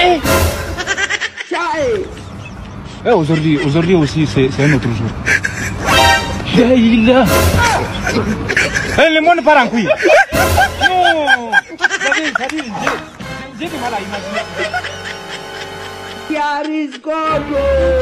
Eh! eh aujourd'hui, aujourd'hui aussi, c'est un autre jour. Eh, eh, le monde part en couille. Non J'ai du mal à imaginer.